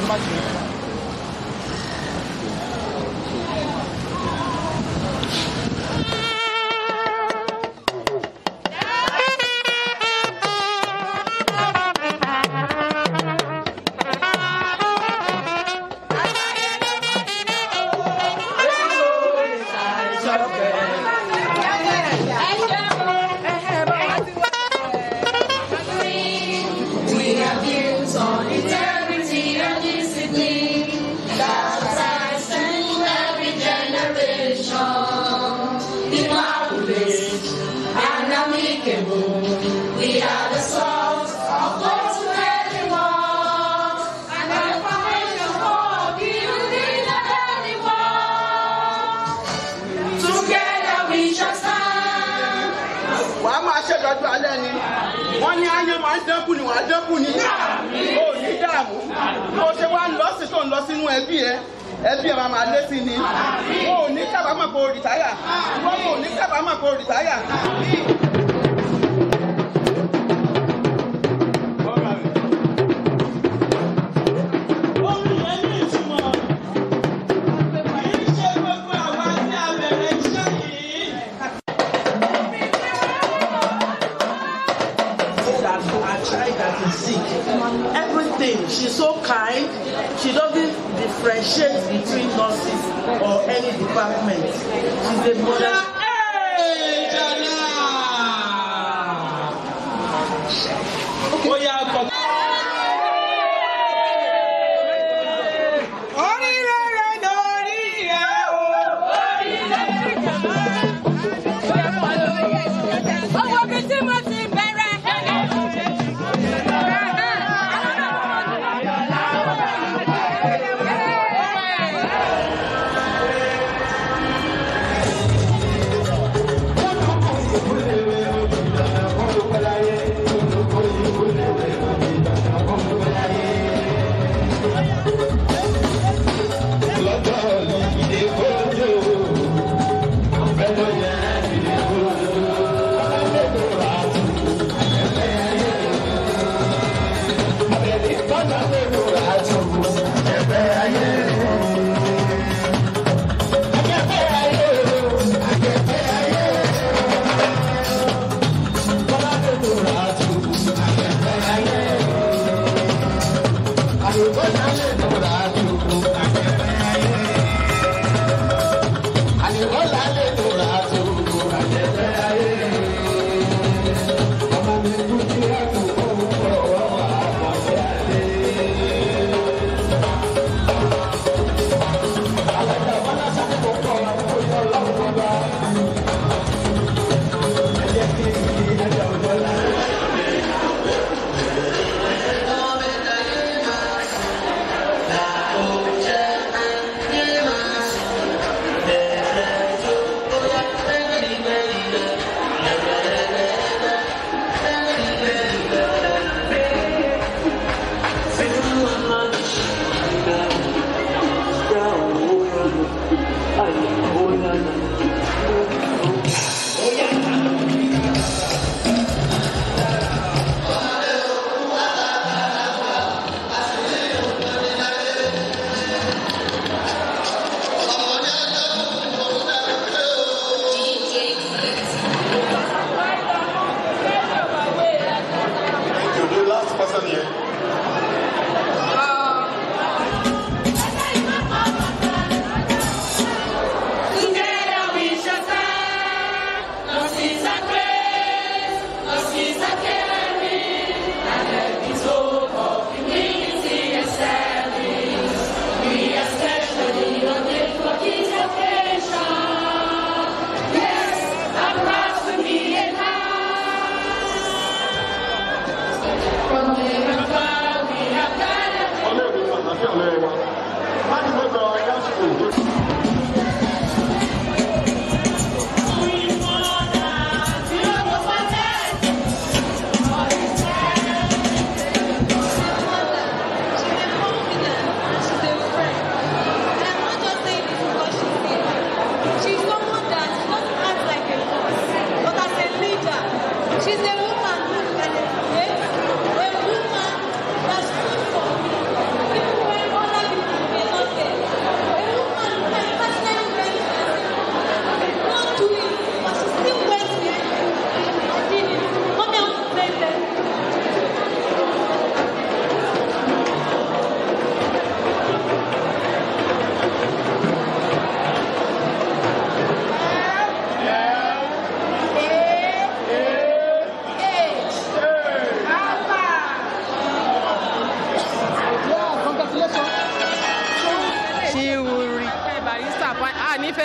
什么情况？we are the sons of God. ṣèjọba alẹ́ ni wọ́n ní ayé máa ń dẹ́kun ni wọ́n á dẹ́kun ni ẹbí ẹ máa lé sí ni ó ní kábàámọ̀ kó rìtáyà wọ́n kò ní kábàámọ̀ kó rìtáyà. everything. She's so kind. She doesn't differentiate between nurses or any department. She's a mother.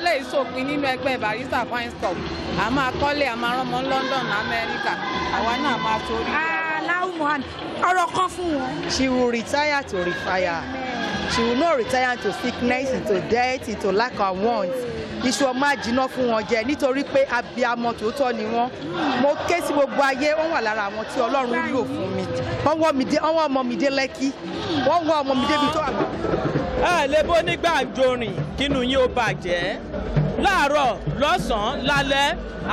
eléyìí ṣòpin nínú ẹgbẹ́ Barrister Fine Stop a máa kọ́lé a máa rán London Amẹ́ríkà àwa náà máa torí. Ah, aláwọ̀n ọ̀rọ̀ kan fún wọn. she will retire to refire she will not retire to sickness to death to lack of want iṣu ọmọ àjìná fún wọn jẹ nítorí pé abiyamọ tòótọ́ ni wọ́n mo ké sí gbogbo ayé wọ́n wà lára àwọn tí ọlọ́run lò fún mi wọ́n wọ́ ọmọ mi dé lẹ́kí wọ́n wọ́ ọmọ mi débi tó àgbà. ẹ lè bó nígbà jorin kínú yín ó bàjẹ́ láàárọ̀ lọ́sàn-án lálẹ́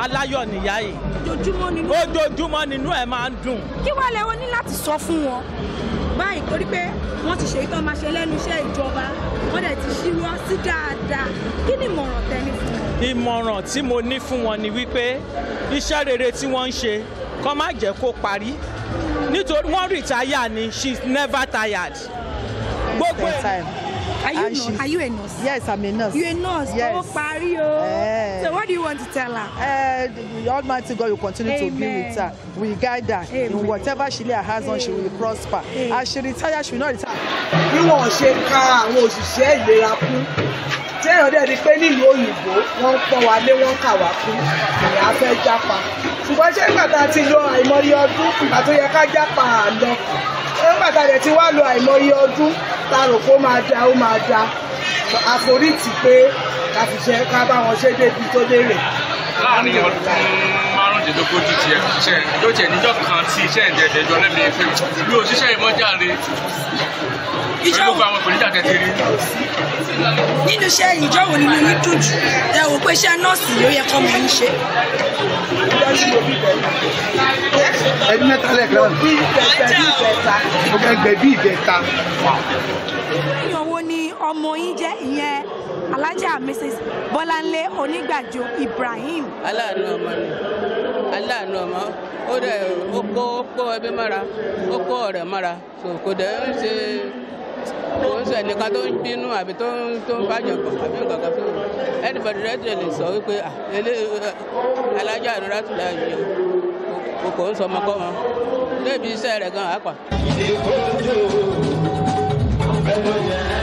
aláyọ̀ nìyá yìí. ojoojúmọ́ nínú ẹ̀ máa ń dùn. kí wàá lè wọ́n ní láti sọ fún wọn báyìí torí pé wọ́n ti ṣèyí tó máa ṣe lẹ́nu iṣẹ́ ìjọba wọ́n dẹ̀ ti ṣíwọ́ sí dáadáa kí ni ìmọ̀ràn tẹ́ ní fún wọn. ìmọ̀ràn tí mo ní fún wọn ni wípé iṣẹ́ rere tí wọ́n ń ṣe kó má jẹ́ kó parí nítorí wọ́n rìtáyà ni she's never tired. gbogbo ẹ̀ Are you, and no, are you a nurse? Yes, I'm a nurse. You're a nurse? Yes. Oh, pari o. Eh. So what do you want to tell her? Uh, eh, the Almighty God will continue Amen. to be with her. We guide her. Amen. In whatever she lay her hands on, she will prosper. Amen. As she retires, she will not retire. Bí wọ́n ṣe ka àwọn òṣìṣẹ́ ìlera kún, téèyàn dẹ̀ rí pé nílùú òyìnbó wọ́n ń pọ́n wa lé wọ́n kà wá fún ìyá fẹ́ jápa. Ṣùgbọ́n ṣé ìgbà tá a ti lọ àìmọye ọdún ìgbà tó yẹ ká nígbàtà rẹ̀ ti wá lo àìmọye ọdún ta rò pé ó máa da ó máa da àforítì pé ká fi ṣe ká bá wọn ṣe débi tó dérè. láàrin ọdún márùndínlógójì tí ẹ ṣiṣẹ́ yóò jẹ́ níjọ́ kan tí iṣẹ́ ìjẹ́jẹ́ jọ lẹ́nu ìfẹ́ mi ò ṣiṣẹ́ ìmọ̀járe ìjọ wo nínú iṣẹ́ ìjọ wo nínú yín dùn jù ẹ wò pé iṣẹ́ nọ́ọ̀sì ló yẹ kọ́ mọ̀ ń ṣe ẹbí mẹ́ta lẹ́ẹ̀kan náà mo fẹ́ gbẹ bí ìjẹta. èèyàn wo ni ọmọ yín jẹ́ ìyẹn alájà mrs bọ́láńlé onígbàjọ ibrahim. aláàánú ọmọ ni aláàánú ọmọ ó dẹ ó kó ó kó ẹbí mọ́ra ó kó ọ̀rẹ́ mọ́ra kò dẹ̀ ń ṣe kò ń ṣe nìkan tó ń bínú àbí tó ń tó ń bàjẹ́ pọ̀ àbí nǹkan kan fún mi ẹnìbọ̀dì rẹ̀ lè sọ wípé ah, alájà ìrora tún lè yọ o kò sọmọ kọ́ wọn débi iṣẹ́ rẹ̀ gan-an àpà. ìdíkọ́jú ọ̀fẹ́ ló